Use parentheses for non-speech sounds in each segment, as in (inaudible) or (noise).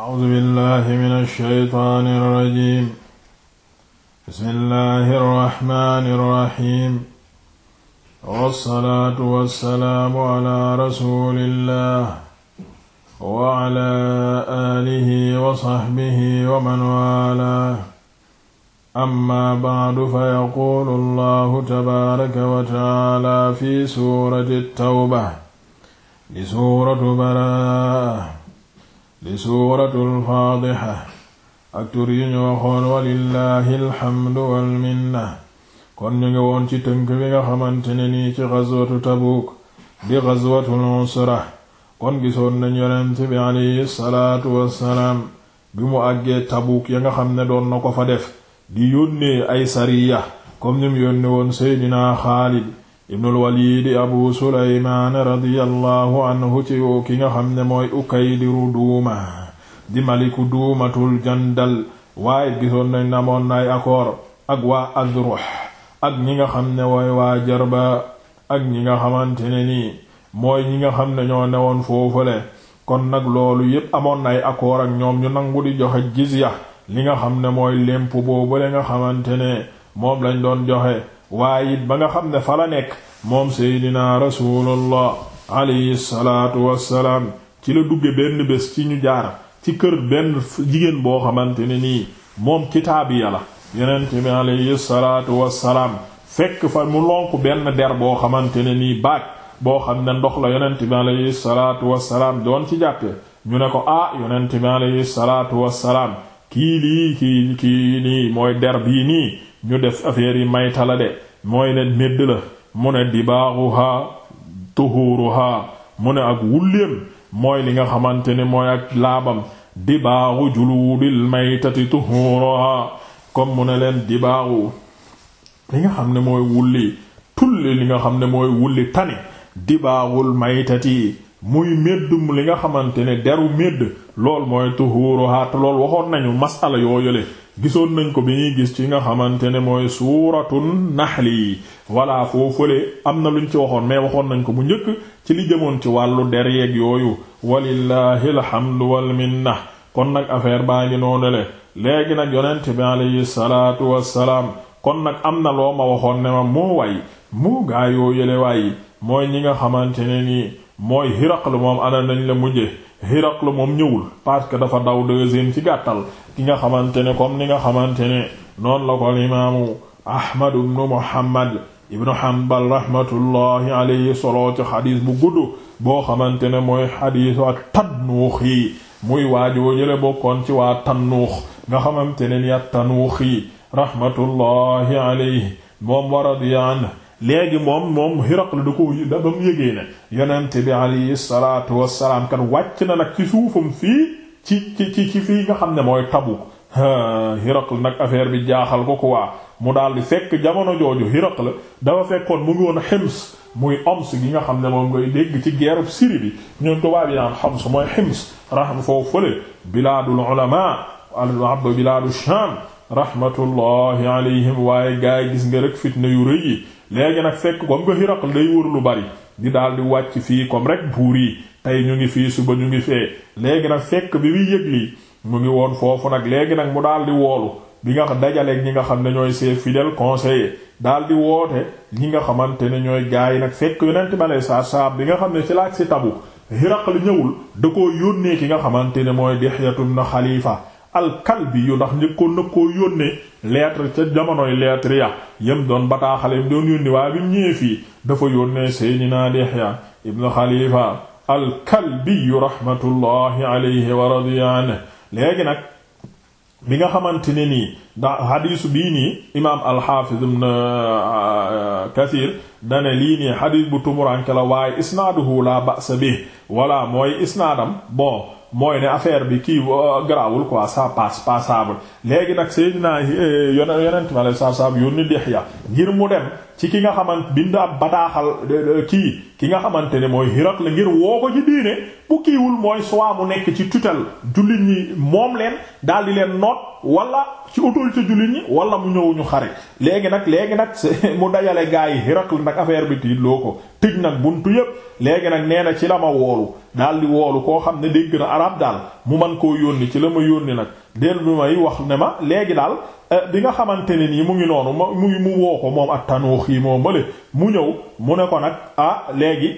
A'uuzu billaahi mina shaytaani rajiim. Bismillaahi rahmaani rahiim. Wassalaatu wassalaamu alaa rasuulillaah wa alaa aalihi wa sahbihi wa man waalaah. Amma ba'du fayaquulu Allaahu tabaaraka wa ta'aalaa fi suurati Tawba, li suuratu Baraa'a. li suuratul faadiha ak tur yi ñu waxoon walillahi alhamdu wal kon ñu ngi woon ci tënk bi nga xamante ne nii ci gazwatu tabuuk di gazwatul usra kon gisoon nañu yonent bi alayhi salaatu wassalaam bi mu àggee tabuuk ya nga xam ne doon na ko fa def di yónnee ay sariya comme ni mu yónnee woon seydinaa xaalid ibnul walidi abu suleymaan radiyallahu anhu ci ki nga xam ne mooy ukaydiru duuma di maliku duumatul jandal waaye gisoon nañ namoon ay accord ak waa adruh ak ñi nga xam ne mooy waa ba ak ñi nga xamante ne nii mooy ñi nga xam ne ñoo newoon foofale kon nag loolu yépp amoon ay accord ak ñoom ñu nangu di joxe ya li nga xam ne mooy lemp boobu la nga xamante ne moom lañ doon joxe waaye ba nga xam ne fa la nekk moom seydinaa rasulullah alayhi salaatu wassalaam ci la dugge benn bés ci ñu jaar ci kër benn jigéen boo xamante ne nii moom kitaabiya la yonent bi alayhi salaatu salaam fekk fa mu lonk benn der boo xamante ne nii baat boo xam ne ndox la yonent bi alayhi salaatu wassalaam doon ci jàppe ñu ne ko ah yonent bi alayhi salaatu wassalaam kii lii kii kii nii mooy der bii nii ñu def affaire yi maytalade mooy ne médd la mu ne dibaaruha tuhuruha mu ne ak wulleem mooy li nga xamante ne mooy ak laabam dibaaru juluudil maytati tuhuruha comme mu ne leen dibaaru li nga xam ne mooy wulli tulli li nga xam ne mooy wulli tani dibaarul maytati muy méddum li nga xamante ne deru médd lool mooy tuhuruha te lool waxoon nañu masala yoo yële gisoon nañ ko bi ñuy gis ci nga xamante ne mooy suuratun naxli walla foofule am na luñ ci waxoon mais waxoon nañ ko bu njëkk ci li jëmoon ci wàllu der yéeg yooyu walillahi alhamdu wal minna kon nag affaire baa ngi noonule léegi nag yonent bi alayhi salaatu wassalaam kon nag am na loo ma waxoon ne ma moo way moo gaayoo yële waay mooy ñi nga xamante ne nii mooy Hiraql moom ana nañ la mujje Hiraql moom ñëwul parce que dafa daw deuxième ci gàttal ki nga xamante ne comme ni nga xamante ne noonu la ko al imaamu Ahmad ibnu Muhammad ibnu Hanbal rahmatullahi alayhi solo ci xadiis bu gudd boo xamante ne mooy xadiisu ak tannuux yi muy waajoo jële bokkoon ci waa tannuux nga xamante ne ni ak tannuux yi rahmatullahi alayhi moom wa radiya anhu léegi moom moom Hiraql da ko da ba mu yëgee ne yonent bi alayhi salaatu wassalaam kat wàcc na nag ci suufam fii ci ci ci ci fii nga xam ne mooy Tabuk Hiraql nag affaire bi jaaxal ko waa mu daal di fekk jamono jooju Hiraql dafa fekkoon mu ngi woon Hims muy Homs gi nga xam ne moom ngay dégg ci guerre Syrie bi ñoom tubaab yi naan Homs mooy Hims rahm foofu fële bilaadul ulama al bilaadu Sham rahmatullahi waaye gaa yi gis nga rek fitna yu rëy yi léegi nag fekk comme nga Hiraql day wër lu bari di daal di wàcc fii comme rek buur yi tey ñu ngi fii suba ñu ngi fee léegi nag fekk bi muy yëg mu ngi woon foofu nag léegi nag mu daal di woolu bi nga dajaleek ñi nga xam ne ñooy ses fidèles conseillers daal di woote ñi nga xamante ne ñooy gaay nag fekk yonent ma lay saa saab bi nga xam ne ci si tabu Hiraql ñëwul da koo yónnee ki nga xamante ne mooy Dihyatun na xalifa alkalbi ndax njëkkoon na koo yónnee lettre ca jamonoy lettre ya yem doon bataaxaleem doon yónni waaye bi mu fii dafa yónnee seydinaa Yahya ibnu Xalifa alkalbi yu rahmatullahi alayhi wa léegi nag bi nga xamante ni nii ndax xadiis bii nii imaam alxaafiz ibn ah, kathir dane lii nii xadiis bu tumuranke la waaye isnaaduhu la ba'sa bi walla mooy isnaadam bon mooy ne affaire bi kii euh, garaawul quoi ça passe passable léegi nag Seydina euh, yonent yonent ma la saab saab yónni Dihya ngir mu dem ci ki nga xamante bind ab bataaxal kii ki nga xamante ne mooy Hiraql la ngir woo ko ci diine bu kiiwul mooy soit mu nekk ci tutelle jullit ñi moom leen daal di leen noot wala ci autorité jullit ñi wala mu ñëwuñu ñu xare léegi nag léegi nag (laughs) mu dajale gaa yi Hiraql nag affaire bi loo ko tëj nag bunt yépp léegi nag nee na ci la ma woolu daal di woolu koo xam ne dégg na arab daal mu man koo yónni ci la ma yónni nag del bi may wax ne ma léegi daal di eh, nga xamante ne nii mu ngi noonu mu mu kii moo male mu ñëw mu ne ko nag ah léegi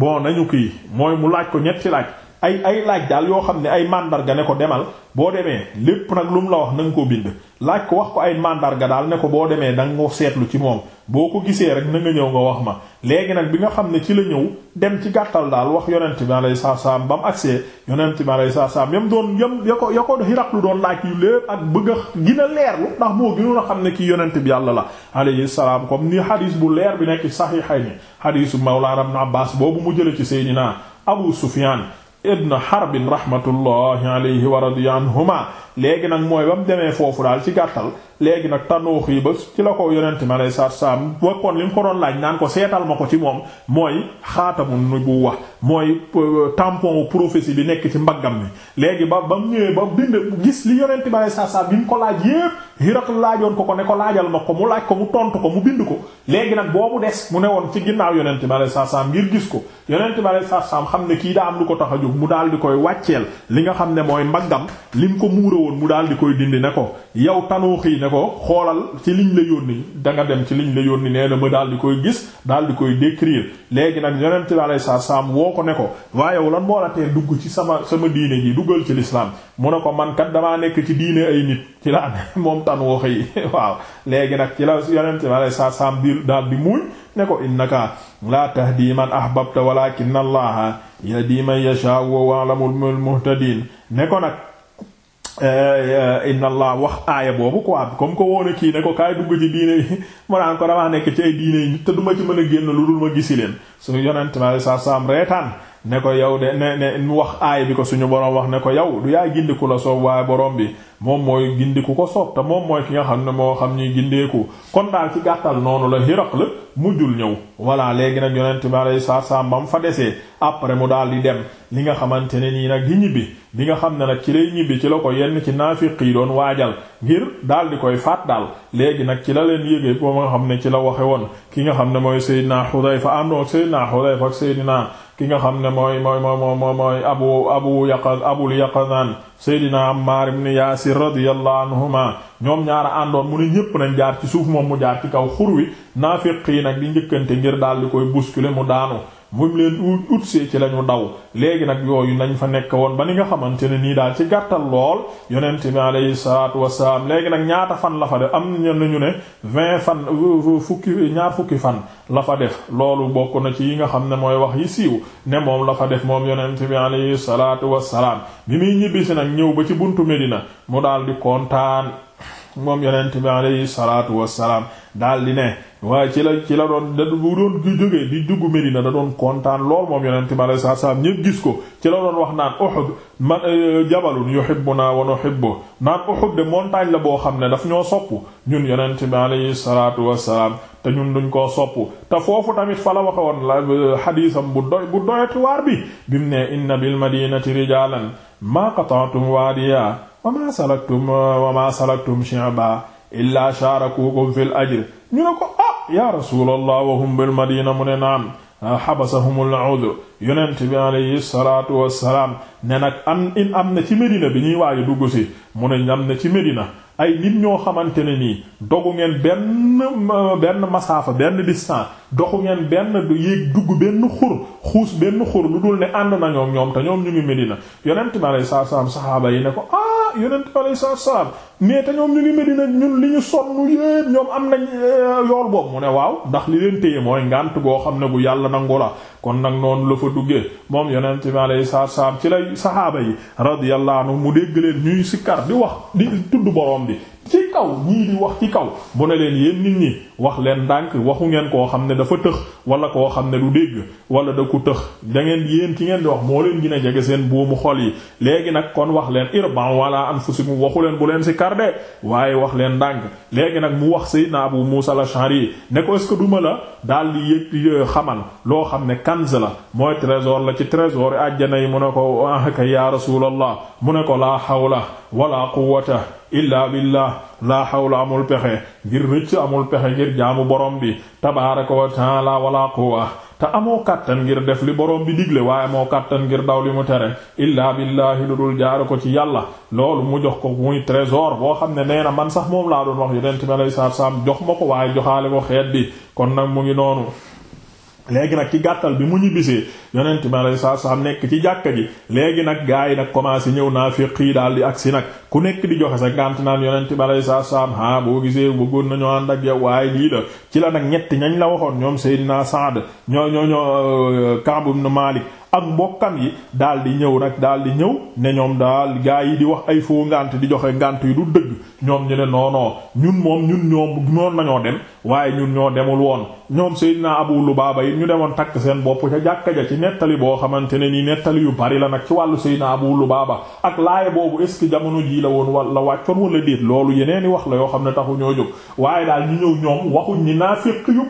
bon nañu kii mooy mu laaj ko ñetti laaj ay ay laaj daal yoo xam ne ay mandarga ne ko demal boo demee lépp nag lu mu la wax na nga ko bind laaj ko wax ko ay mandarga daal ne ko boo demee da nga seetlu ci moom boo ko gisee rek na nga ñëw nga wax ma léegi nag bi nga xam ne ci la ñëw dem ci gàttal daal wax yonent bi alayhi salaam ba mu agsee yonent bi alayhi salaam yam doon yam ya ko ya ko Hiraqlu doon laaj yu lépp ak bëgg a gën a leerlu ndax moo gënoon a xam ne kii yonent bi yàlla la alayhi salaam comme ni hadis bu leer bi nekk saxiixayni hadisu Mawlaana Ibn Abbaas boobu mu jële ci Seydina Abu Sufyaan ibn harbin rahmatullahi alayhi wa radiya anhuma léegi nag mooy ba mu demee foofu daal ci gàttal léegi nag tanuux yi ba ci la ko yonent ma lay sar sam wakkoon li mu ko doon laaj naan ko seetal ma ko ci moom mooy xaatamu nubuwa mooy euh, tampon prophétie bi nekk ci mbaggam mi léegi ba ba mu ñëwee ba bind gis li yonent ma lay bi mu ko laaj yépp Hiraql laajoon ko ko ne ko laajal ma ko mu laaj ko mu tontu ko mu bind ko léegi nag boobu des mu ne woon ci ginnaaw yonent ma lay sar gis ko yonent ma lay sam xam ne kii daa am lu ko tax a mu daal di koy wàcceel li nga xam ne mooy mbaggam lim ko muure woon mu daal di koy dindi ne ko yow tanuux yi ne ko xoolal ci liñ la yónni danga dem ci liñ la yónni nee na ma daal di koy gis daal di koy décrire léegi nag yonent bi alayhi salaatu salaam woo ko ne ko waaye yow lan moo la tee dugg ci sama sama diine ji duggal ci lislaam mu ne ko man kat damaa nekk ci diine ay nit ci laa ne (laughs) moom tan wax (laughs) yi waaw léegi nag ci la yonent bi alayhi salaatu salaam di daal di muuñ ne ko innaka laa tahdi man ahbabta walakinna allaha yahdi man yashaa wa huwa a'lamul muhtadiin ne ko nag Eh, eh, inna allah wax aaya boobu quoi comme ko woon a kii ne ko kaay dugg ci diine (laughs) a naan ko damaa nekk ci ay diine yi te duma ci mën a génn lu dul ma gisi leen su yonent ma saa saam reetaan ne ko yow de ne ne mu wax aay bi ko suñu borom wax ne ko yow du yaa ku la soob waaye borom bi moom mooy ku ko soob te moom mooy ki nga xam ne moo xam ñuy gindeeku kon daal ci noonu la Hiraql la mujjul ñëw voilà léegi nag yonent bi alayhi salaatu salaam ba mu fa desee après mu daal di dem li nga xamante ne nii nag di ñibbi bi nga xam ne nag ci lay ñibbi ci la ko yenn ci naafiq yi doon waajal ngir daal di koy faat daal léegi nag ci la leen yéegee xam ne ci la waxe woon ki nga xam ne mooy Seydina Xudayfa àndoon Seydina Xudayfa ak Seydina ki nga xam ne mooy mooy mooy mooy mooy abu abu yaqaz abul yaqazan seydina Ammaar ibn Yaasir radiyallahu anhuma ñoom ñaara àndoon mu ne ñépp nañ jaar ci suuf moom mu jaar ci kaw xur wi naafiqi nag di njëkkante ngir daal di koy bousculer mu daanu buñ leen utsee ci lañu daw léegi nag yooyu nañ fa nekk woon ba ni nga xamante ne nii daal ci gàttal lool yonent bi alayhi salaatu wasalaam léegi nag ñaata fan la fa def am nañu ne vingt fan euh, euh, fukki ñaar fukki fan la fa def loolu bokk na ci yi nga xam ne mooy wax yi siiw ne moom la fa def moom yonent bi alayhi salaatu wasalaam bi muy ñibbisi nag ñëw ba ci buntu Medina mu daal di kontaan moom yonent bi salaatu salaatu wassalaam daal di ne waaye ci la ci la doon da bu doon jógee di dugg Medina da doon kontaan lool moom yonent bi alayhi salaatu wassalaam ñépp gis ko ci la doon wax naan Uhud man eh, jabalun yuhibbuna wa nuhibbu naan Uhud de montagne la boo xam ne daf ñoo sopp ñun yonent bi alayhi salaatu wassalaam te ñun duñ koo sopp te foofu tamit fa la waxe woon la eh, xadiisam bu doy bu doyati waar bi bimu ne inna bil madinati rijalan ma qata'tum wadiya wama salaktum wama salaktum shi'ba illaa shaarakuukum fil ajr ñu ne ko ah ya rasulallah hum bil madina mu ne naam xabasahum al-udhr yonent bi alayhi salaatu ne nag am in am na ci Medina bi ñuy waaye dugg si mu ne am na ci Medina ay nit ñoo xamante ne nii dogu ngeen benn benn masaafa benn distance doxu ngeen benn du yéeg dugg benn xur xuus benn xur lu dul ne ànd na ñoom ñoom te ñoom ñu ngi Medina yonent bi alayhi saxaaba yi ne ko ah yonent bi alayhi salaatu salaam mais te ñoom ñu ngi Medina ñun li ñu sonn yépp ñoom am nañ euh, yool boobu mu ne waaw ndax li leen téye mooy ngànt goo xam ne bu yàlla nangu la kon nag noonu la fa duggee moom yonent bi alayhi salaatu salaam ci lay saxaaba yi radiyallahu anhu mu dégg leen ñuy sikkar di wax di tudd boroom bi ci kaw ñii di wax ci kaw bu ne leen yéen nit ñi wax leen ndànk waxu ngeen koo xam ne dafa tëx wala koo xam ne du dégg wala da ko tëx da ngeen yéen ki ngeen di wax moo leen gën a jege seen buumu xol yi léegi nag kon wax leen irban wala anfusikum waxu leen bu leen si karde waaye wax leen ndànk léegi nag mu wax si Abu Musa al-Ash'ari ne ko est-ce que duma la daal di yëg xamal loo xam ne kanz la mooy trésor la ci trésor àjjana yi mu ne ko ah kay ya Rasulallah mu ne ko la wala quwwata illaa billah laa hawla amul pexe ngir rëcc amul pexe ngir jaamu borom bi tabaaraka wa taala wala quwwa te amoo kàttan ngir def li borom bi digle waaye amoo kàttan ngir daw li mu tere illaa billaahi lu dul jaar ko ci yàlla loolu mu jox ko muy trésor boo xam ne nee na man sax moom laa doon wax yonent bi alayhi salaam jox ma ko waaye joxaale ko xeet bi kon nag mu ngi noonu léegi nag ci gàttal bi mu ñu bisee yonent bi alayhi salaatu salaam nekk ci jàkka ji léegi nag gaa yi nag commencé ñëw naa féqii daal di agsi nag ku nekk di joxe sa gànt naan yonent bi alayhi salaatu salaam ha boo gisee bëggoon nañoo ànd ak yow waaye lii la ci la nag ñetti ñañ la waxoon ñoom Seydina Saad ñoo ñoo ñoo Ka'b ibn Malik ak mbokkam yi daal di ñëw nag daal di ñëw ne ñoom daal gaa yi di wax ay foo ngànt di joxe ngànt yu du dëgg ñoom ñu ne noonoo ñun moom ñun ñoom noon nañoo dem waaye ñun ñoo demul woon ñoom Seydina lu baaba yi ñu demoon takk seen bopp ca jàkka ja ci nettali boo xamante ne nii nettali yu bari la nag ci wàllu Seydina Abu Lubaaba ak laaye boobu est ce que jamono jii la woon wala wàccoon wala déet loolu yeneeni wax la yoo xam ne taxu ñoo jóg waaye daal ñu ñëw ñoom waxuñ ñi naafiq yu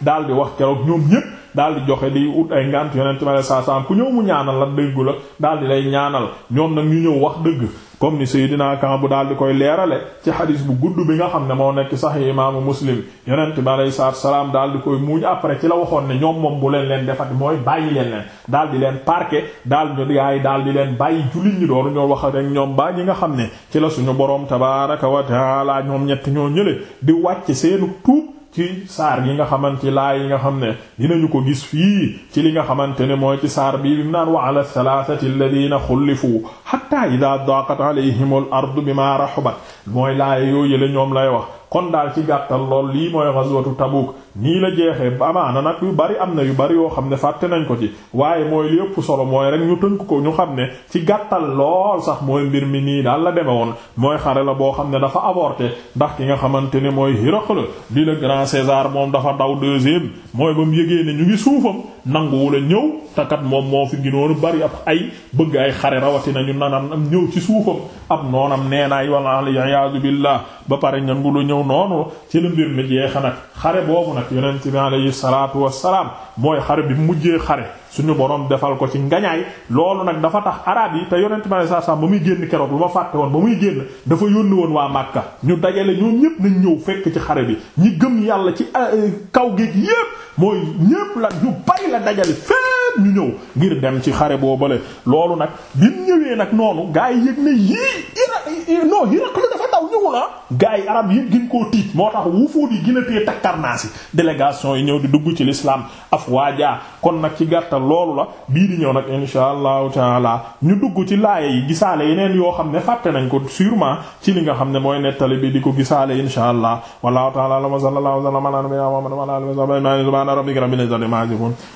daal di wax keroog ñoom ñépp daal di joxe di ut ay ngant yonent ma la saa ku ñëw mu ñaanal la déggu la daal di lay ñaanal ñoom nag ñu ñëw wax dëgg comme ni Seydina bu daal di koy leerale ci xadis bu gudd bi nga xam ne moo nekk sax imaamu muslim yonent bi alayhi salaatu salaam daal di koy muuñ après ci la waxoon ne ñoom moom bu leen leen defati mooy bàyyi leen leen daal di leen parqué daal ñu yaay daal di leen bàyyi jullit ñi doon ñoo wax rek ñoom ba ñi nga xam ne ci la suñu boroom tabaaraka wa taala ñoom ñett ñoo ñële di wàcc seenu tuub ci saar gi nga xamante laa yi nga xam ne dinañu ko gis fii ci li nga xamante ne mooy ci saar bii bi mu naan wa ala thalathati alladhina xullifu hatta idha daqat alayhim al ardu bima rahabat mooy laaya yooyu la ñoom lay wax kon daal ci gàttal lool lii mooy ghazwatu Tabuk nii la jeexee amaana nag yu bari am na yu bari yoo xam ne fàtte nañ ko ci waaye mooy li ëpp solo mooy rek ñu tënk ko ñu xam ne ci gàttal lool sax mooy mbir mi nii daal la deme woon mooy xare la boo xam ne dafa avorté ndax ki nga xamante ne mooy Hiraql di le grand César moom dafa daw deuxième mooy ba mu yëgee ne ñu ngi suufam nanguwul a ñëw takat moom moo fi ginoonu bari ab ay bëgg ay xare rawatina ñu nanam am ñëw ci suufam ab noonam neenaay wala aliyaadu billah ba pare ñangu lu ñëw noonu ci mbir mi jeexa nag xare nag yonent bi alayhi salaatu wassalaam mooy xare bi mu mujjee xare suñu borom defal ko ci ngañaay loolu nag dafa tax araab yi te yonent bi alayhi salaatu wassalaam ba muy génn keroog bu ma fàtte woon ba muy génn dafa yónni woon waa Makka ñu dajale ñoom ñëpp nañ ñëw fekk ci xare bi ñi gëm yàlla ci euh, kaw géej yépp mooy ñépp la ñu bay la dajale fépp ñu ñëw ngir dem ci xare boobale loolu nag bi mu ñëwee nag noonu gaa yi yëg ne yii ira non Hiraql kaw ñëw la gars yi arab yëpp gën koo tiit moo tax wufuud yi gën takkarnaasi délégation yi ñëw di dugg ci l'islam afwaajaa kon nag ci gàttal loolu la bii di ñëw nag insha allahu taala ñu dugg ci laaya yi gisaale yeneen yoo xam ne fàtte nañ ko sûrement ci li nga xam ne mooy nettali bi di ko gisaale insha allah wallahu taala wa sallallahu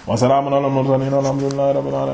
wa sallam ala